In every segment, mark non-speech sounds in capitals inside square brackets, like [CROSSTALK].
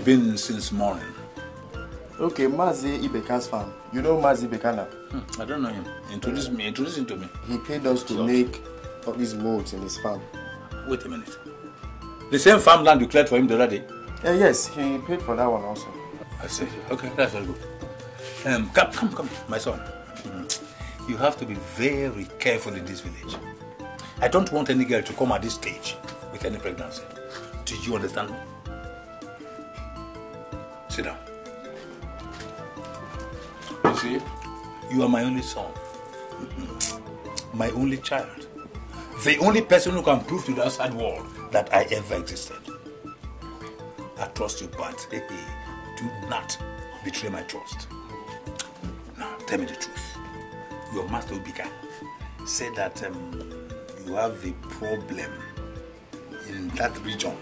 you been since morning? Okay, Mazi Ibeka's farm. You know Mazi Ibeka now? Hmm, I don't know him. Introduce me. Introduce him to me. He paid us to so. make all these molds in his farm. Wait a minute. The same farmland you cleared for him the other day? Uh, yes, he paid for that one also. I see. Okay, that's very good. Um, come, come, come, my son. Hmm. You have to be very careful in this village. I don't want any girl to come at this stage with any pregnancy. Do you understand me? Sit down. You see, you are my only son, my only child, the only person who can prove to the outside world that I ever existed. I trust you, but hey, do not betray my trust. Now, tell me the truth. Your master Obika said that um, you have a problem in that region.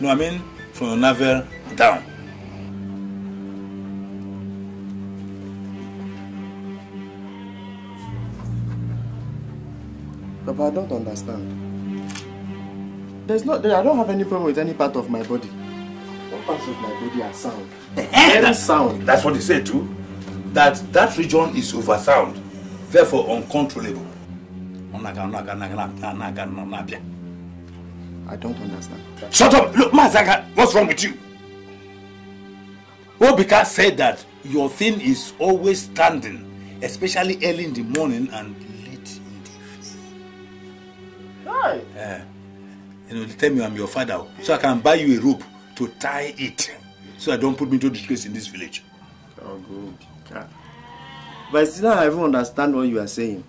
No, I mean, from your navel down. Papa, I don't understand. There's not, I don't have any problem with any part of my body. What parts of my body are sound. Very [LAUGHS] sound. That's what he said too. That that region is over sound, therefore uncontrollable. I don't understand. Shut up! Look, Mazaka, what's wrong with you? Obika said that your thing is always standing, especially early in the morning and late in the evening. Hi. Uh, eh. you know, tell me I'm your father, so I can buy you a rope to tie it, so I don't put me into disgrace in this village. Oh, good. But still, I don't understand what you are saying.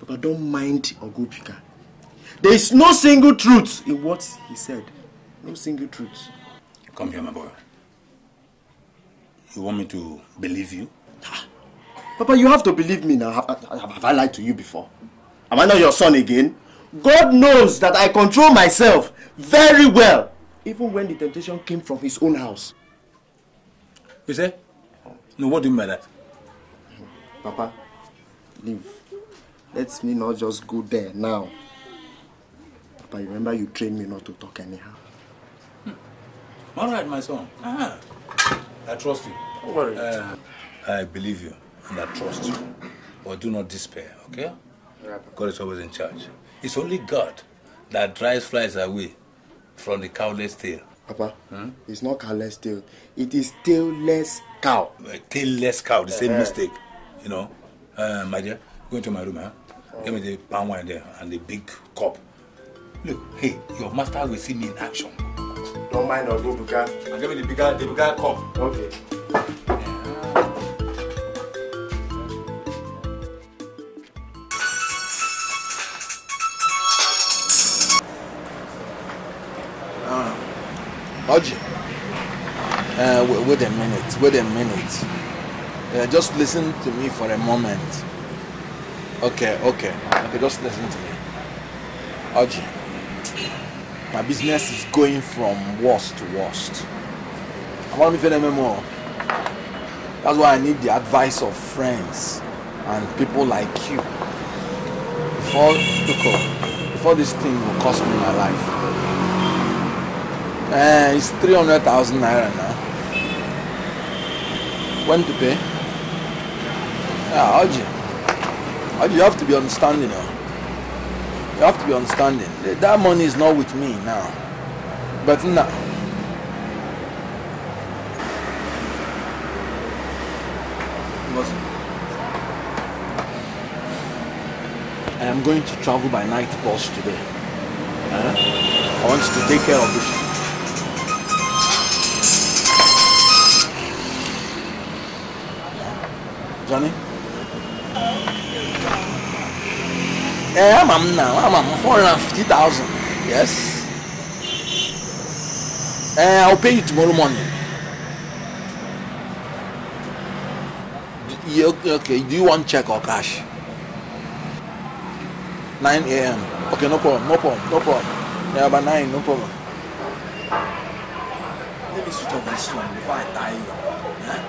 But I don't mind Ogupika. There is no single truth in what he said. No single truth. Come here, my boy. You want me to believe you? Ah. Papa, you have to believe me now. Have, have, have I lied to you before? Am I not your son again? God knows that I control myself very well, even when the temptation came from his own house. You say? No, what do you mean by that? Papa, leave. Let me not just go there now. But remember, you trained me not to talk anyhow. Hmm. All right, my son. Ah, I trust you. Don't worry. Uh, I believe you and I trust you. But do not despair, okay? God is always in charge. It's only God that drives flies away from the cowless tail. Papa, hmm? it's not cowless tail. It is tailless cow. Uh, tailless cow, the same uh -huh. mistake. You know, uh, my dear, go into my room, huh? Give me the palm wine there and the big cup. Look, hey, your master will see me in action. Don't mind or go bigger. I'll give me the bigger, the bigger cup. Okay. Ah, Oji, uh, wait, wait a minute, wait a minute. Uh, just listen to me for a moment. Okay, okay, okay, just listen to me. Oji, my business is going from worst to worst. I want to be an more. That's why I need the advice of friends and people like you. Before Tuko, before this thing will cost me my life. Eh, it's 300,000 naira now. When to pay? Yeah, Aji. Aji, you have to be understanding now. You have to be understanding. That money is not with me now. But now. I am going to travel by night bus today. Huh? I want to take care of this. Johnny? Yeah, ma'am, no, ma'am, 450,000. Yes. É, I'll é pay you tomorrow morning. You, okay, do you want check or cash? 9 a.m. Okay, no problem, no problem, no problem. Yeah, by 9, no problem. Let me switch off this one before I die. Huh?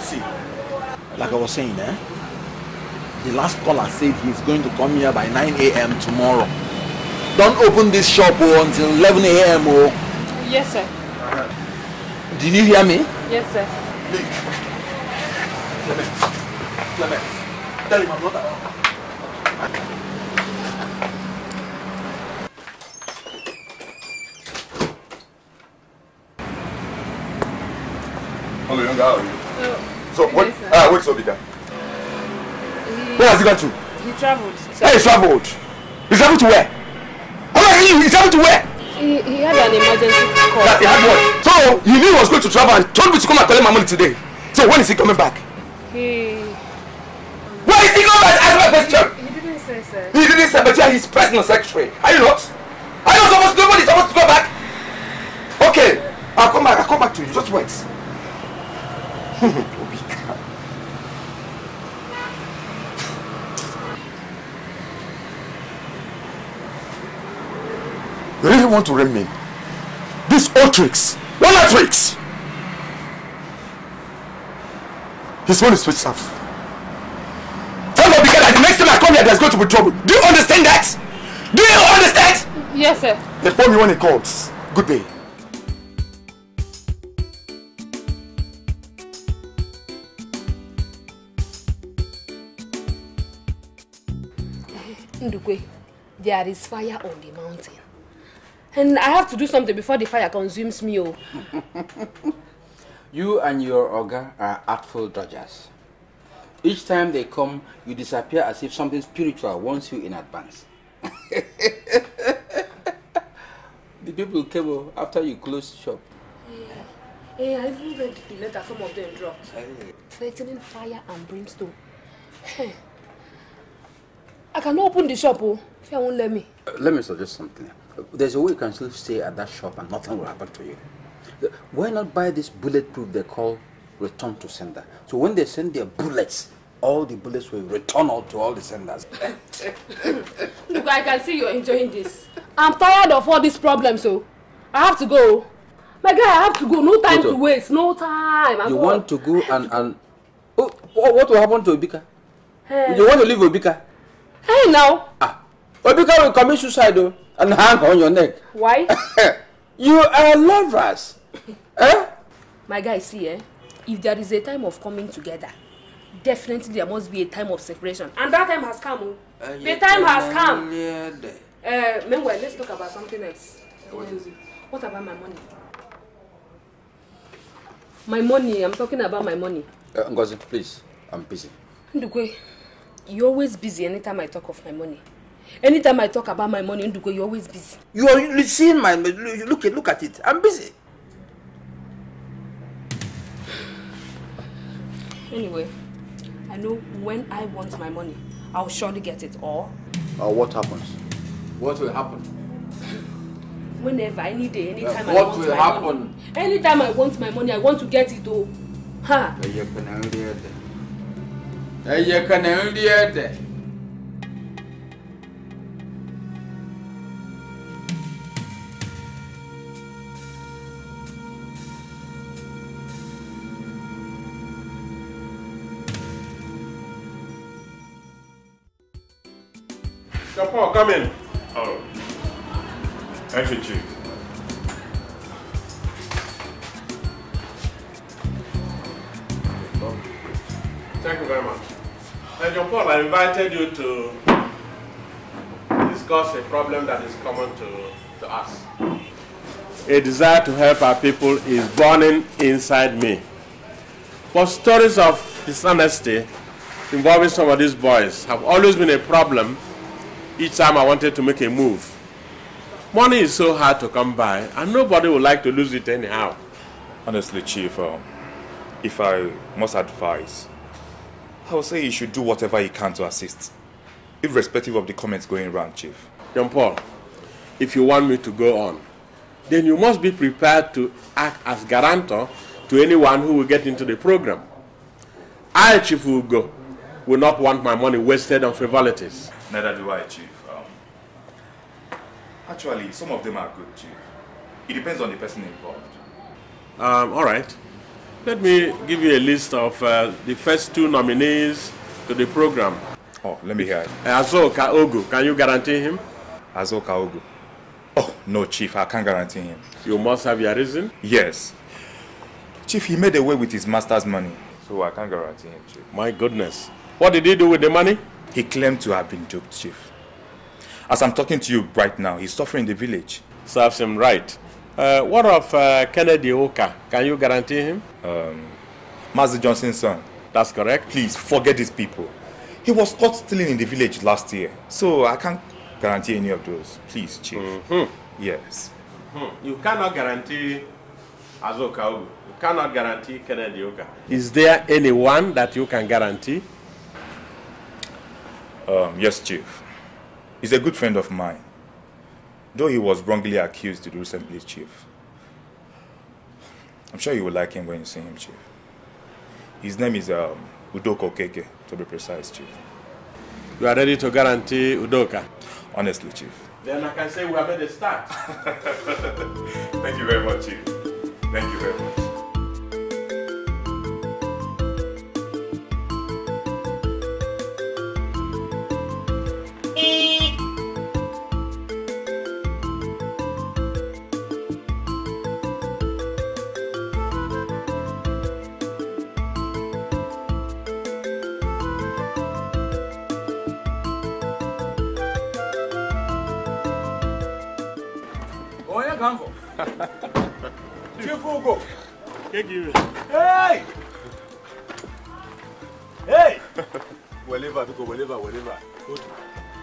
See. Like I was saying, eh? The last caller said he's going to come here by 9 a.m. tomorrow. Don't open this shop oh, until 11 a.m. Oh. Yes, sir. did you hear me? Yes, sir. Please. Clement. Clement. Tell him I'm not around. Hello, young guy. How are you? Oh, so, so what? Yes, ah, what's up, Bika? Where has he gone to? He travelled. Where he travelled? He travelled to where? How are he? He travelled to where? He, he had an emergency call. That he had one. So he knew he was going to travel and told me to come and collect my money today. So when is he coming back? He. Why is he coming back? Ask my question. He, he didn't say, sir. He didn't say, but yeah, he's personal secretary. Are you not? Are you not supposed to know supposed to go back? Okay, I'll come back. I'll come back to you. Just wait. [LAUGHS] want to remain. These old tricks. What are tricks? His phone is switched off. Tell me because the next time I come here, there's going to be trouble. Do you understand that? Do you understand? Yes, sir. They phone me when he calls. Good day. Ndukwe, there is fire on the mountain. And I have to do something before the fire consumes me. Oh. [LAUGHS] you and your ogre are artful dodgers. Each time they come, you disappear as if something spiritual wants you in advance. [LAUGHS] the people came oh, after you closed shop. Hey, I even read the letter some of them dropped. Hey. Threatening fire and brimstone. Hey. I cannot open the shop, oh. Fear won't let me. Uh, let me suggest something. there's a way you can still stay at that shop and nothing will happen to you. Why not buy this bulletproof they call return to sender? So when they send their bullets, all the bullets will return out to all the senders. Look, [LAUGHS] I can see you're enjoying this. I'm tired of all these problems, so oh. I have to go. My guy, I have to go. No time Toto, to waste. No time. I'm you going. want to go and and oh, oh, what will happen to Obika? Hey. You want to leave Obika? Hey, now. Ah, Obika will commit suicide, though and hang on your neck. Why? [LAUGHS] you are lovers. [LAUGHS] eh? My guy, see, eh? If there is a time of coming together, definitely there must be a time of separation. And that time has come. Uh, the time has come. Uh, meanwhile, let's talk about something else. What um, is it? What about my money? My money, I'm talking about my money. Uh, Ngozi, please, I'm busy. Ndukwe, you're always busy anytime I talk of my money. Anytime I talk about my money, Nduko, you always busy. You are seeing my look at look at it. I'm busy. Anyway, I know when I want my money, I will surely get it. Or. Or uh, what happens? What will happen? Whenever, any day, anytime uh, I want my money. What will happen? Anytime I want my money, I want to get it though. Ha! Huh? Paul, come in. Oh. Thank you, Chief. Thank you very much. Now, Paul, I invited you to discuss a problem that is common to, to us. A desire to help our people is burning inside me. But stories of dishonesty involving some of these boys have always been a problem each time I wanted to make a move. Money is so hard to come by, and nobody would like to lose it anyhow. Honestly, Chief, uh, if I must advise, I would say you should do whatever you can to assist, irrespective of the comments going around, Chief. John Paul, if you want me to go on, then you must be prepared to act as guarantor to anyone who will get into the program. I, Chief Ugo, will not want my money wasted on frivolities. Neither do I, Chief. Um, actually, some of them are good, Chief. It depends on the person involved. Um, all right. Let me give you a list of uh, the first two nominees to the program. Oh, let me hear it. Uh, Azo can you guarantee him? Azo Kaogo. Oh, no, Chief, I can't guarantee him. You must have your reason? Yes. Chief, he made away with his master's money. So I can't guarantee him, Chief. My goodness. What did he do with the money? He claimed to have been Job's chief. As I'm talking to you right now, he's suffering in the village. Serves him right. Uh, what of uh, Kennedy Oka? Can you guarantee him? Um, Master Johnson's son. That's correct. Please, forget these people. He was caught stealing in the village last year, so I can't guarantee any of those. Please, Chief. Mm -hmm. Yes. Mm-hmm. You cannot guarantee Azoka Ogu. You cannot guarantee Kennedy Oka. Is there anyone that you can guarantee? Um, yes, Chief. He's a good friend of mine. Though he was wrongly accused recently, Chief. I'm sure you will like him when you see him, Chief. His name is um, Udoka Okeke, to be precise, Chief. You are ready to guarantee Udoka? Honestly, Chief. Then I can say we have made a start. [LAUGHS] Thank you very much, Chief. Thank you very much. Hey! Hey! [LAUGHS] whatever, because whatever, whatever. Good.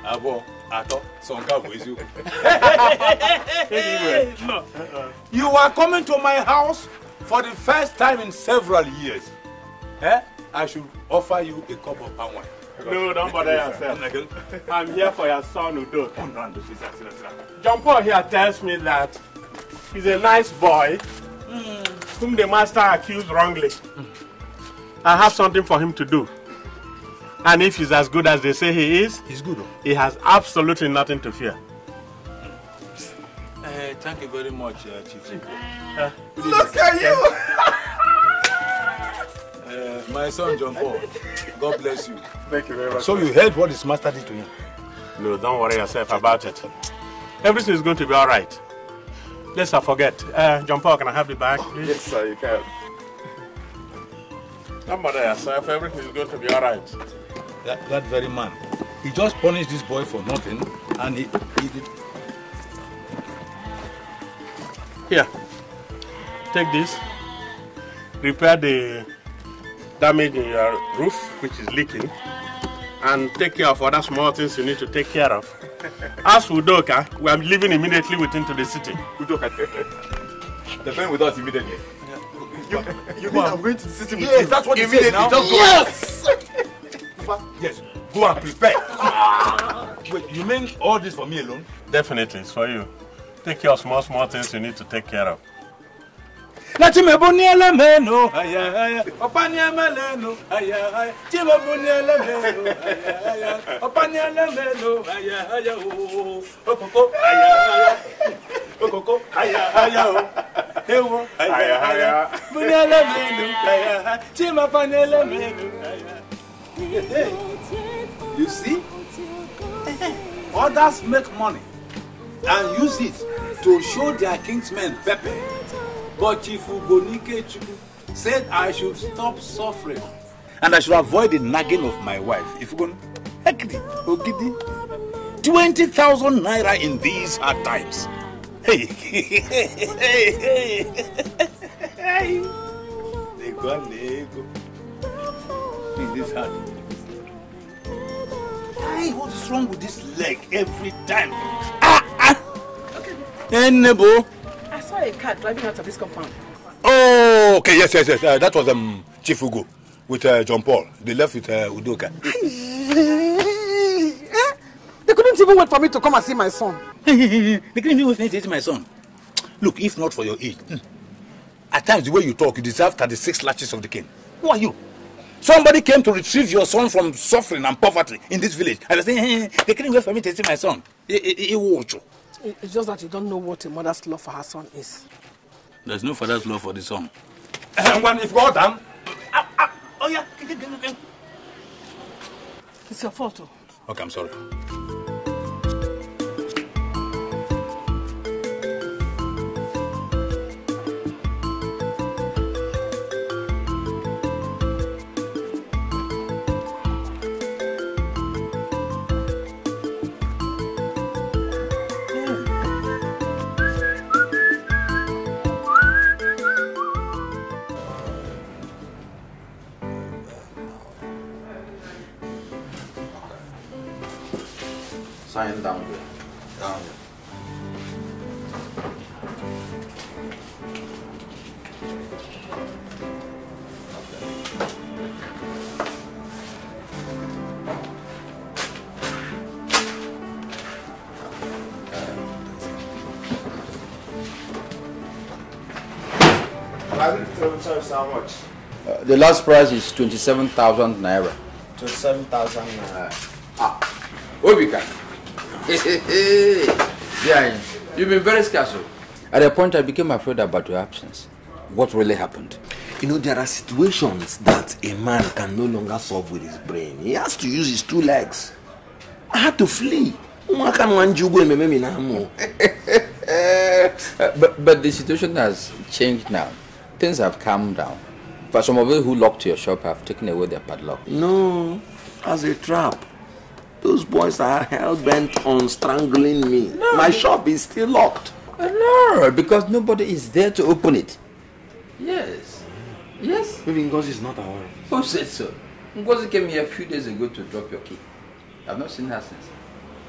Abo, Ato, Sonka, Wezu. [LAUGHS] Uh-uh. You are coming to my house for the first time in several years. Eh? I should offer you a cup of palm wine. No, don't bother yourself. [LAUGHS] I'm here for your son Udo. Oh, John Paul here tells me that he's a nice boy. Mm. whom the master accused wrongly. I have something for him to do. And if he's as good as they say he is, he's good. Oh. He has absolutely nothing to fear. Uh, thank you very much, uh, Chief. Uh, Look at you! Eh, my son, John Paul, God bless you. Thank you very much. So you heard what his master did to him? No, don't worry yourself about it. Everything is going to be all right. Let's not forget. Uh, John Paul, can I have the bag, please? Yes, sir, you can. Don't bother yourself. Everything is going to be all right. That, that very man. He just punished this boy for nothing, and he, he did. Here. Take this. Repair the damage in your roof, which is leaking and take care of other small things you need to take care of. [LAUGHS] As Udoka, we are leaving immediately within to the city. Udoka, the friend with us immediately. You, you mean I'm going to the city with yes, you? that's what you said now. Just go yes! [LAUGHS] yes, go and prepare. [LAUGHS] Wait, you mean all this for me alone? Definitely, it's for you. Take care of small, small things you need to take care of. láti mẹ́bù ní ẹlẹ́mẹ́nu ayáyá ọ̀pá ní ẹlẹ́mẹ́nu ayáyá tí mẹ́bù ní ẹlẹ́mẹ́nu ayáyá ọ̀pá ní ẹlẹ́mẹ́nu ayáyá ooo okòkò ayáyá okòkò ayáyá o ewo ayáyá mú ní ẹlẹ́mẹ́nu ayáyá tí mẹ́fà ní ẹlẹ́mẹ́nu ayáyá. You see? Others make money and use it to show their kinsmen pepper. But Chief Ugonikechu said I should stop suffering and I should avoid the nagging of my wife. If you're 20,000 naira in these hard times. Hey, hey, hey, hey, hey, Nego, nego. In this hard. Hey, what's wrong with this leg every time? Ah, ah. Okay. Hey, a car driving out of this compound. Oh, okay, yes, yes, yes. Uh, that was um, Chief Ugo with uh, John Paul. They left with uh, Udoka. they couldn't even wait for me to come and see my son. they couldn't even wait to see my son. Look, if not for your age, at times the way you talk, you deserve 36 lashes of the king. Who are you? Somebody came to retrieve your son from suffering and poverty in this village. And they say, hey, they couldn't wait for me to see my son. It, it, it, It's just that you don't know what a mother's love for her son is. There's no father's love for the son. When eh, if God am, ah, ah, oh yeah, it's your fault. Oh. Okay, I'm sorry. sign down there. Down there. Uh, the last price is 27,000 naira. 27,000 naira. Ah, Obika. [LAUGHS] yeah, you've been very scarce. Oh. At a point, I became afraid about your absence. What really happened? You know, there are situations that a man can no longer solve with his brain. He has to use his two legs. I had to flee. [LAUGHS] but, but the situation has changed now. Things have calmed down. For some of you who locked your shop have taken away their padlock. No, as a trap. Those boys are hell bent on strangling me. No. My shop is still locked. No, because nobody is there to open it. Yes. Yes? Maybe Ngozi is not our Who said so? Ngozi came here a few days ago to drop your key. I've not seen her since.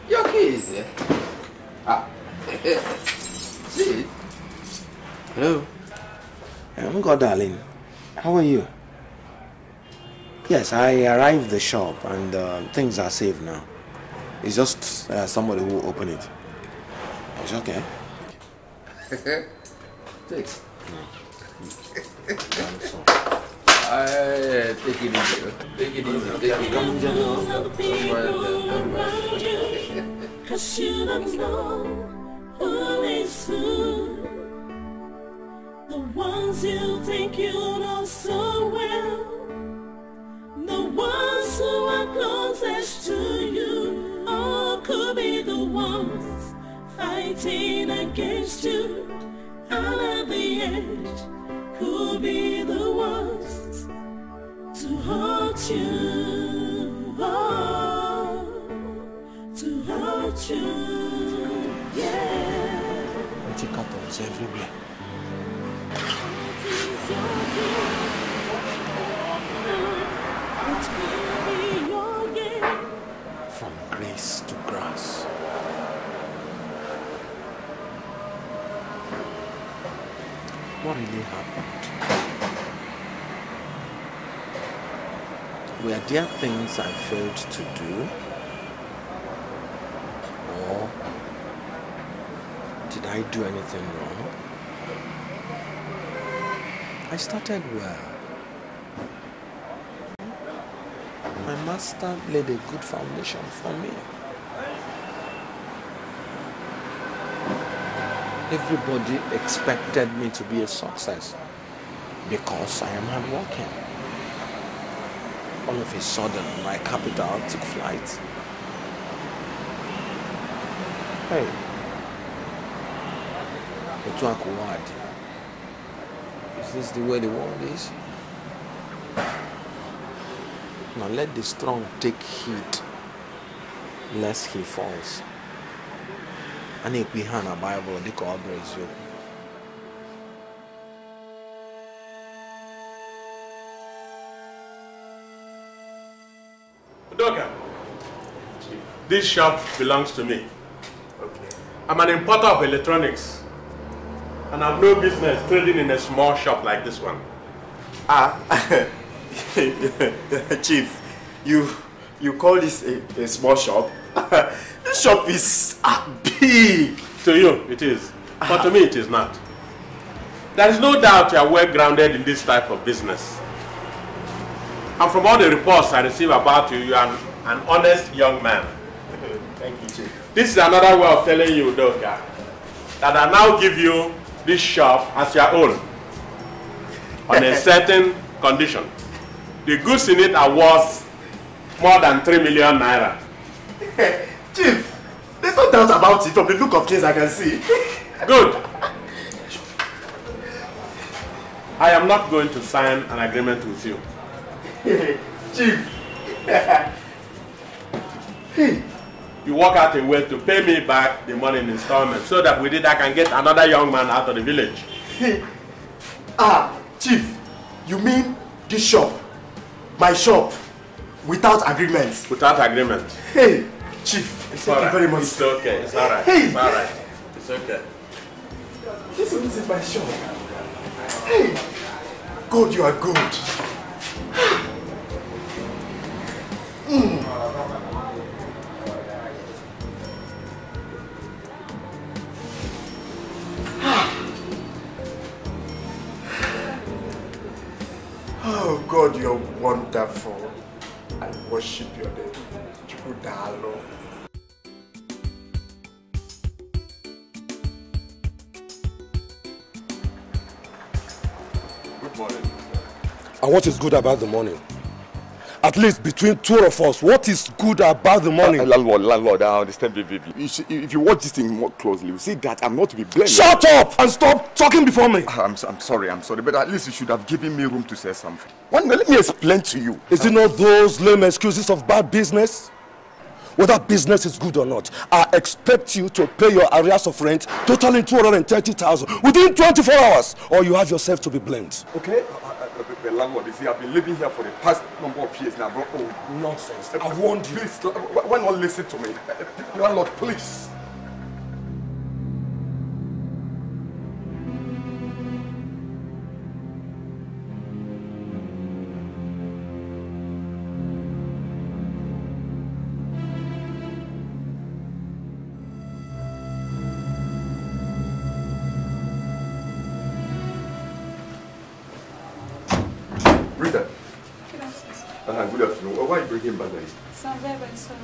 Your key is there. Ah. [LAUGHS] See Hello. darling. How are you? Yes, I arrived the shop and uh, things are safe now. It's just uh, somebody who opened it. It's okay. [LAUGHS] Thanks. [LAUGHS] I uh, take it easy. Take it easy. Take it easy. Cause you don't know who is who. The ones you think you know so well the ones who are closest to you Or could be the ones fighting against you Out of the end, who'll be the ones to hurt you oh, To hurt you, yeah anti everywhere what really happened? Were there things I failed to do? Or did I do anything wrong? I started well. My master laid a good foundation for me. everybody expected me to be a success because I am hardworking. All of a sudden, my capital took flight. Hey, otu a ka ụwa Is this the way the world is? Now let the strong take heed lest he falls a ekwu ihe a na baịbụl dịka ọ bụ eziokwu this shop belongs to me. Okay. I'm an importer of electronics and I've no business trading in a small shop like this one. Ah, [LAUGHS] Chief, you, you call this a, a small shop? this shop is big. To you, it is. But to me, it is not. There is no doubt you are well grounded in this type of business. And from all the reports I receive about you, you are an honest young man. Thank you, Chief. This is another way of telling you, Doka, that I now give you this shop as your own on a [LAUGHS] certain condition. The goods in it are worth more than 3 million naira. [LAUGHS] Chief, there's no doubt about it from the look of things I can see. [LAUGHS] Good. I am not going to sign an agreement with you. [LAUGHS] Chief. hey. You work out a way to pay me back the money in installment so that with it I can get another young man out of the village. Hey. Ah, Chief, you mean this shop, my shop, without agreement? Without agreement. Hey. Chief, it's thank all right. you very much. It's okay, it's alright. Hey. It's alright. It's okay. This is, my shop. Hey! God, you are good. mm. [SIGHS] Oh God, you're wonderful. I worship your name. tó dáa Good morning. And what is good about the morning? At least between two of us, what is good about the morning? Uh, landlord, landlord, I understand baby. You should, if you watch this thing more closely, you see that I'm not to be blamed. Shut up and stop talking before me. I'm, I'm sorry, I'm sorry, but at least you should have given me room to say something. One minute, let me explain to you. Is it not those lame excuses of bad business? whether business is good or not. I expect you to pay your arrears of rent totaling 230,000 within 24 hours or you have yourself to be blamed. Okay? Uh, uh, uh, landlord, you see, I've been living here for the past number of years now, bro. Oh, nonsense. I warned you. Please, why not listen to me? Landlord, please.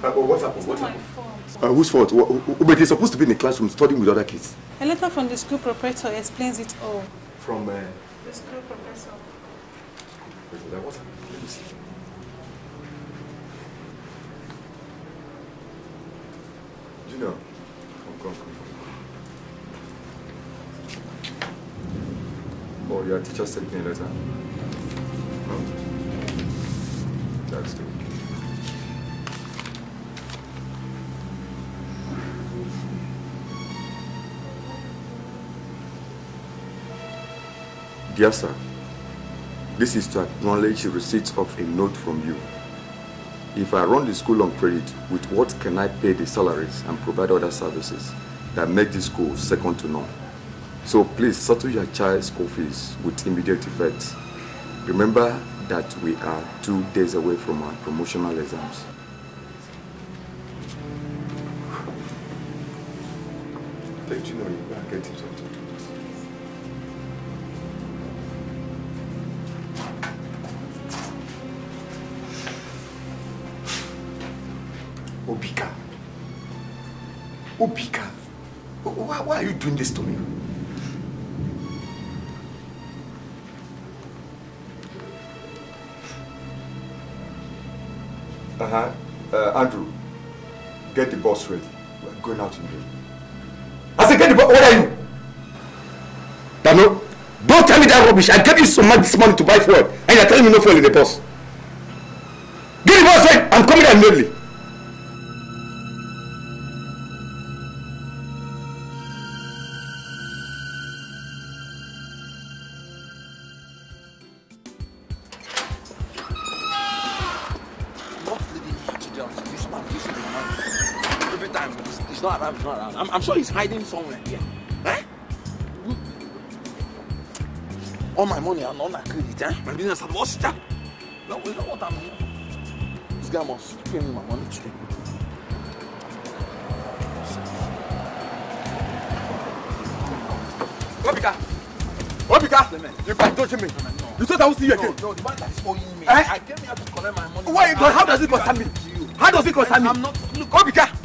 Uh, what happened? It's what happened? Fault. Uh, whose fault? But he's supposed to be in the classroom studying with other kids. A letter from the school proprietor explains it all. From uh, the school professor. What happened? Let You know, come, come, come. Oh, your teacher sent me a letter. Oh. That's good. Dear sir, this is to acknowledge receipt of a note from you. If I run the school on credit, with what can I pay the salaries and provide other services that make this school second to none? So please settle your child's school fees with immediate effect. Remember that we are two days away from our promotional exams. Thank you, know, you doing this to me? Uh-huh. Uh, Andrew, get the bus ready. We're going out in the I said, get the bus. What are you? Dano, don't tell me that rubbish. I gave you some money to buy fuel, and you're telling me no fuel in the bus. not around. He's not around. I'm, I'm sure he's hiding somewhere here. Eh? All my money and all my credit, eh? My business has lost that. Eh? No, you know what I'm doing? This guy must pay me my money today. Obika! Obika! You can not touch me. You thought I will see you again? No, the man that is owing me. Eh? I came here to collect my money. Why? how does it concern me? How does it concern me? I'm not. Look, Obika!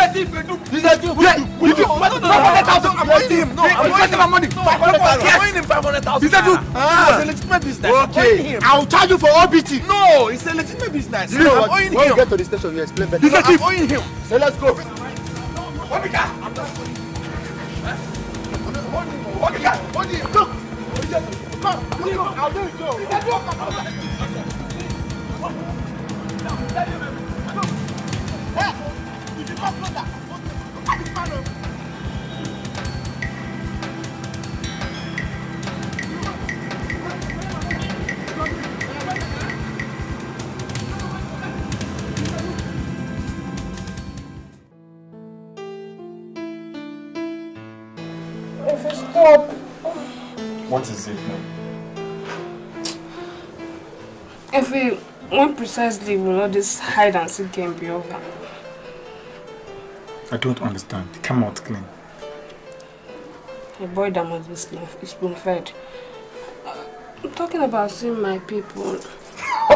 person if they do. This is true. Yeah, you do. Five hundred thousand. I'm owing him. No, I'm owing him money. Five hundred thousand. I'm owing him five hundred thousand. This is true. Ah, it's a legitimate business. Okay. I will charge you for OBT. No, it's a legitimate business. You know what? When we get to the station, you explain better. This is true. I'm owing him. So let's go. Obika. Obika. Obika. Look. Come. Come. I'll do it. Joe. I'll do it. Stop. What is it now? If we want precisely we all this hide and seek game be over. I don't understand. Come out clean. A boy that must be spoon fed. Uh, I'm talking about seeing my people. [LAUGHS]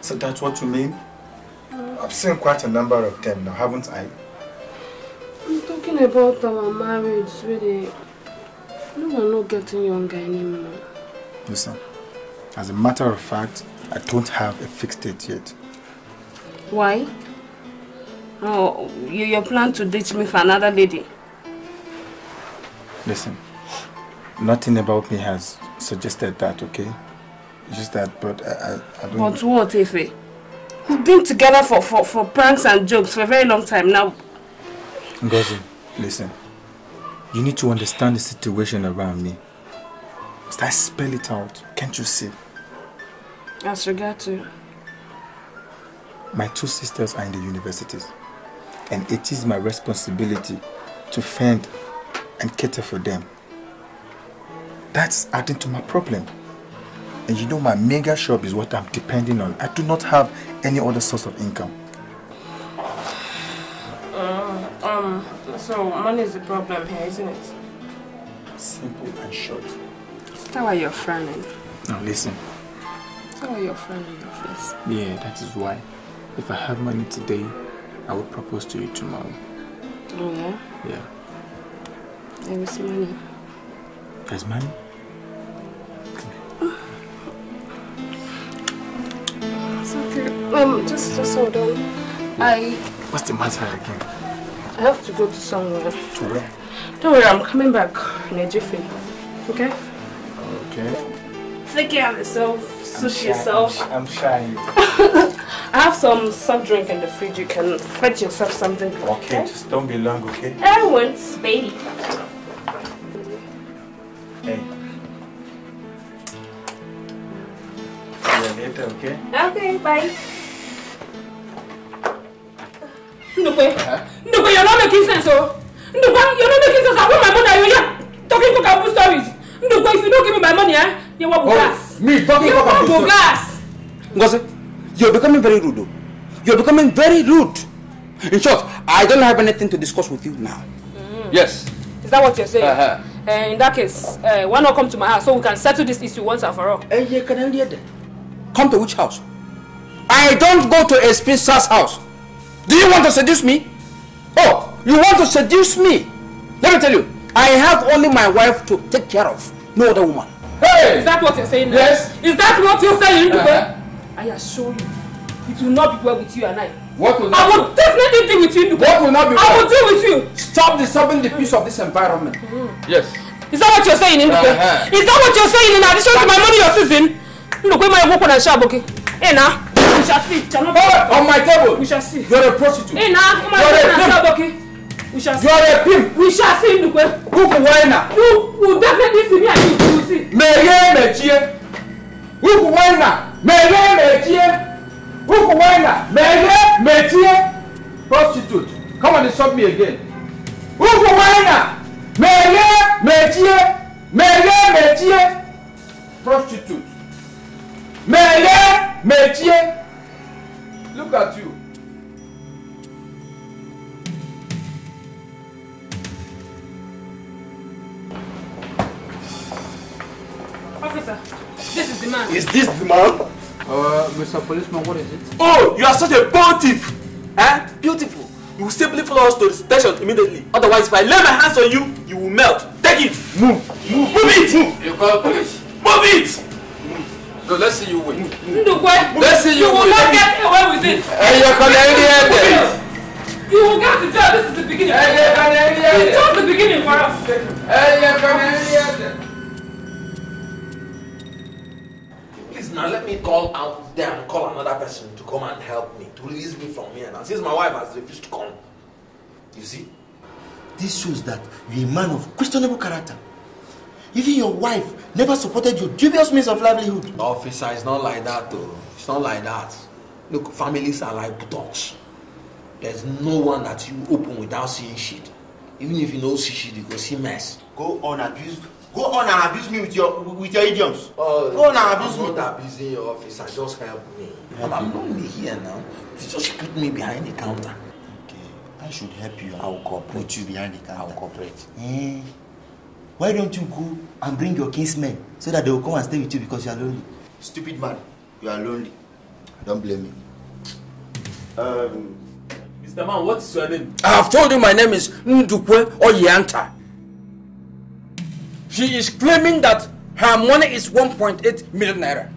so that's what you mean? Mm. I've seen quite a number of them now, haven't I? I'm talking about our marriage, really. No, we're not getting younger anymore. Listen, as a matter of fact, I don't have a fixed date yet. Why? Oh, you, you plan to ditch me for another lady? Listen, nothing about me has suggested that, okay? Just that, but I, I, I don't... But what, Efe? Eh? We've been together for, for, for pranks and jokes for a very long time now. Ngozi, listen. You need to understand the situation around me. I spell it out. Can't you see? As regard to... My two sisters are in the universities and it is my responsibility to fend and cater for them. That's adding to my problem. And you know my mega shop is what I'm depending on. I do not have any other source of income. Uh, um, so money is the problem here, isn't it? Simple and short. Is that why you're frowning? Now listen. Is that why you're frowning your face? Yeah, that is why. If I have money today, I would propose to you tomorrow. Oh yeah? Yeah. There is money. There's money? It's [SIGHS] okay. Um, just, just hold on. Yeah. I... What's the matter again? I have to go to somewhere. To where? Don't worry, I'm coming back in a jiffy. Okay? Okay taking care of yourself, suit yourself. I'm shy. [LAUGHS] I have some soft drink in the fridge. You can fetch yourself something. Okay, okay? Eh? just don't be long, okay? I eh, won't, baby. Hey. Yeah, later, okay? Okay, bye. Nukwe, huh? Nukwe, you're not making sense, oh. Nukwe, you're not making sense. I want my money. You're talking to Kabu stories. Nukwe, if you don't give me my money, eh? You're what You're about Ngose, you're becoming very rude. You're becoming very rude. In short, I don't have anything to discuss with you now. Mm. Yes. Is that what you're saying? Uh -huh. Uh, eh, in that case, uh, eh, why not come to my house so we can settle this issue once and for all? Uh, eh, you can hear Come to which house? I don't go to a spinster's house. Do you want to seduce me? Oh, you want to seduce me? Let me tell you, I have only my wife to take care of, no other woman. Hey! Is that what you're saying now? Yes. Is that what you're saying? Uh-huh. I assure you, it will not be well with you and I. What will not I will be? definitely deal with you, Dupe. What will not be well? I will deal with you. Stop disturbing the peace of this environment. mm Yes. Is that what you're saying, Ndupe? Uh-huh. Is that what you're saying in addition to my money you're seizing? Ndupe, my work on a Okay. Hey, now? We shall see. It shall not on my table. We shall see. You're a prostitute. Hey, now? You're a prostitute. We You are a pimp. We shall see Ndukwe. Who could why now? You will definitely see me and you will see. Meye Mechie. Who could why now? Mechie. Who could why now? Mechie. Prostitute. Come and insult me again. Who could why now? Meye Mechie. Meye Mechie. Prostitute. Meye Mechie. Look at you. Officer, this is the man. Is this the man? Uh, Mr. Policeman, what is it? Oh, you are such a bold thief! Eh? Beautiful. You will simply follow us to the station immediately. Otherwise, if I lay my hands on you, you will melt. Take it! Move! Move, move it! Move. You call police. Move it! No, let's see you win. Ndukwe, let's see you, you will not get away with it. Hey, eh, you're connected. You will get to jail. this is the beginning. Hey, eh, you're connected. It's just the beginning for us. Hey, eh, you're connected. now let me call out there and call another person to come and help me, to release me from here. Now, since my wife has refused to come, you see? This shows that you're a man of questionable character. Even your wife never supported your dubious means of livelihood. Officer, it's not like that, though. It's not like that. Look, families are like dogs. There's no one that you open without seeing shit. Even if you know see shit, you go see mess. Go on, abuse Go on and abuse me with your with your idioms. Oh, Go on and abuse me. I'm not abusing your office. I just help me. But I'm not only here now. You just put me behind the counter. Okay. I should help you. I will cooperate. Put you behind the counter. I will cooperate. Eh? Why don't you go and bring your kinsmen so that they will come and stay with you because you are lonely? Stupid man, you are lonely. Don't blame me. Um, Mr. Man, what is your name? I have told you my name is Ndukwe Oyanta she is claiming that her money is 1.8 million naira.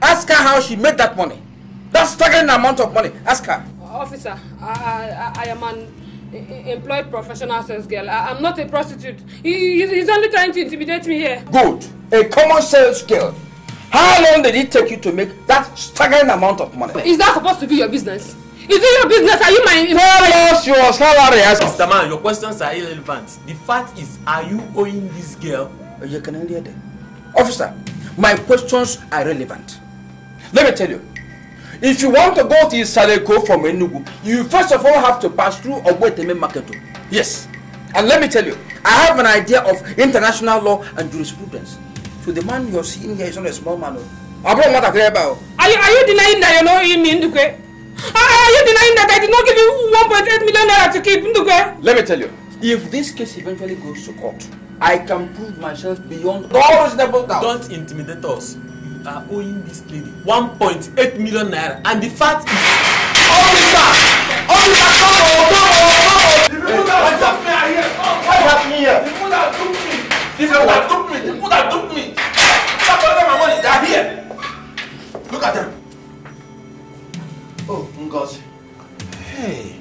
Ask her how she made that money. That's staggering amount of money. Ask her. Officer, I, I, I am an e, e, employed professional sales girl. I, I'm not a prostitute. He, he's only trying to intimidate me here. Good. A common sales girl. How long did it take you to make that staggering amount of money? Is that supposed to be your business? Is it your business? Are you my... Tell us your salary. Mr. Man, your questions are irrelevant. The fact is, are you owing this girl? Oh, you can hear them. Officer, my questions are relevant. Let me tell you. If you want to go to Isaleko from Enugu, you first of all have to pass through Obweteme Maketo. Yes. And let me tell you, I have an idea of international law and jurisprudence. So the man you're seeing here is not a small man. Oh. Are you, are you denying that you know him, Indukwe? Are you denying that I did not give you 1.8 million naira to keep Nduke? Let me tell you, if this case eventually goes to court, I can prove myself beyond all reasonable doubt. Don't intimidate us. You are owing this lady 1.8 million naira, and the fact is. all all Officer! Officer, come on, come on, come on! The people that took me are here. What happened here? The people that took me. The people that took me. The people that took me. Oh, hey.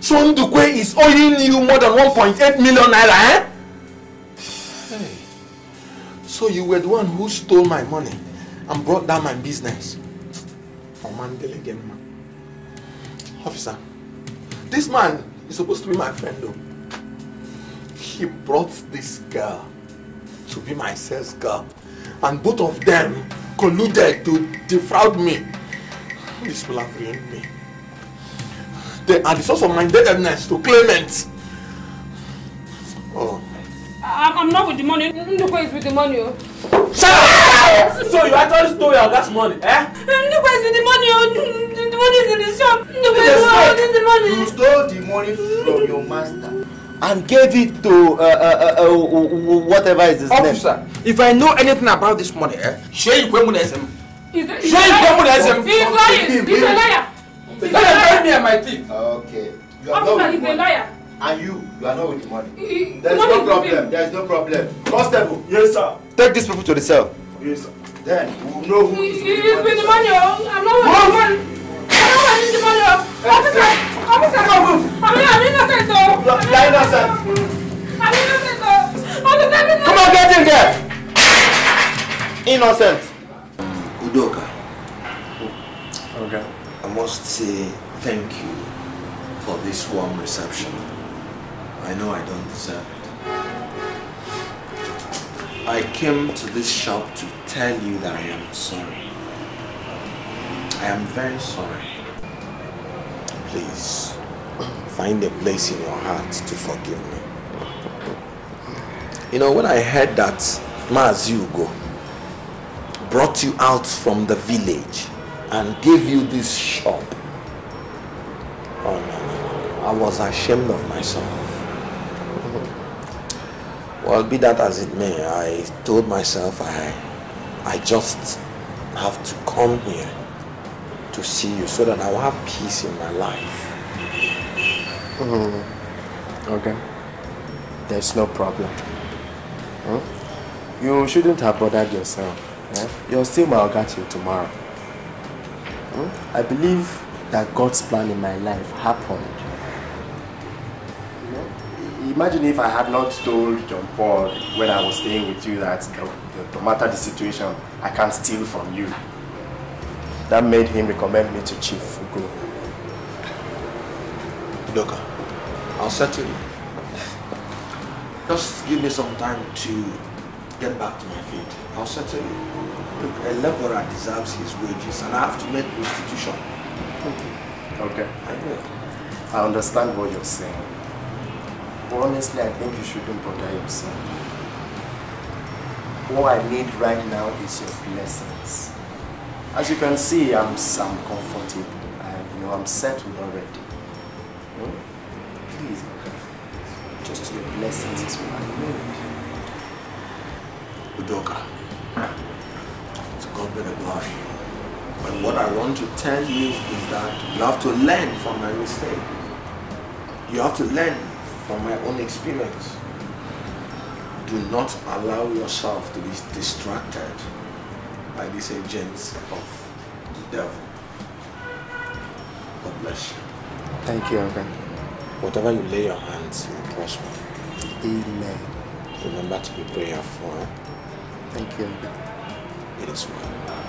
So Ndukwe is owing you more than 1.8 million naira, eh? Hey. So you were the one who stole my money and brought down my business. For Mandela again, man. Officer, this man is supposed to be my friend, though. He brought this girl to be my sales girl. And both of them colluded to defraud me This will apprehend me. They are the source of my indebtedness to claimants. Oh. I'm, not with the money. Ndukwe is with the money. Oh. Shut up! so you actually stole your gas money, eh? Ndukwe is with the money. Oh. The money is in the shop. Ndukwe is with the money. You stole the money from your master. And gave it to uh, uh, uh, uh, whatever is his Officer, name. Officer, if I know anything about this money, eh? Share you money, ṣé ìgbọ́mù rẹ̀ ṣe fún mi. he is lying he is a liar. he is a liar. tell me and my thief. okay you are not with the money and you you are not with the money. He, there is money no problem there is no problem constable. yes sir. take these people to the cell. yes sir. then we will know who is with the money. he is with the money o oh. i'm not with the money. i'm not with the money o. Oh. officer officer i'm not i'm innocent o. you are innocent. i'm innocent o. officer be there. come on get in there. innocent. Udoka. Okay. I must say thank you for this warm reception. I know I don't deserve it. I came to this shop to tell you that I am sorry. I am very sorry. Please, find a place in your heart to forgive me. You know, when I heard that Mazi Ugo brought you out from the village and gave you this shop. Oh no, no, no. I was ashamed of myself. Well, be that as it may, I told myself I, I just have to come here to see you so that I will have peace in my life. Mm -hmm. Okay. There's no problem. Hmm? You shouldn't have bothered yourself eh, you're still my get you tomorrow. Hmm? I believe that God's plan in my life happened. Imagine if I had not told John Paul when I was staying with you that no matter the situation, I can't steal from you. That made him recommend me to Chief Fugo. Doka, I'll settle you. Just give me some time to get back to my feet. I'll settle you. Look, a laborer deserves his wages and I have to make restitution. Okay. I will. I understand what you're saying. But honestly, I think you shouldn't bother yourself. What I need right now is your blessings. As you can see, I'm, I'm comfortable. I, you know, I'm settled already. No? Hmm? Please, just your blessings is what I need. Udoka. To God be the glory. But what I want to tell you is that you have to learn from my mistake. You have to learn from my own experience. Do not allow yourself to be distracted by these agents of the devil. God bless you. Thank you, Uncle. Whatever you lay your hands, you prosper. Amen. Remember to be prayerful. Thank you. It is one.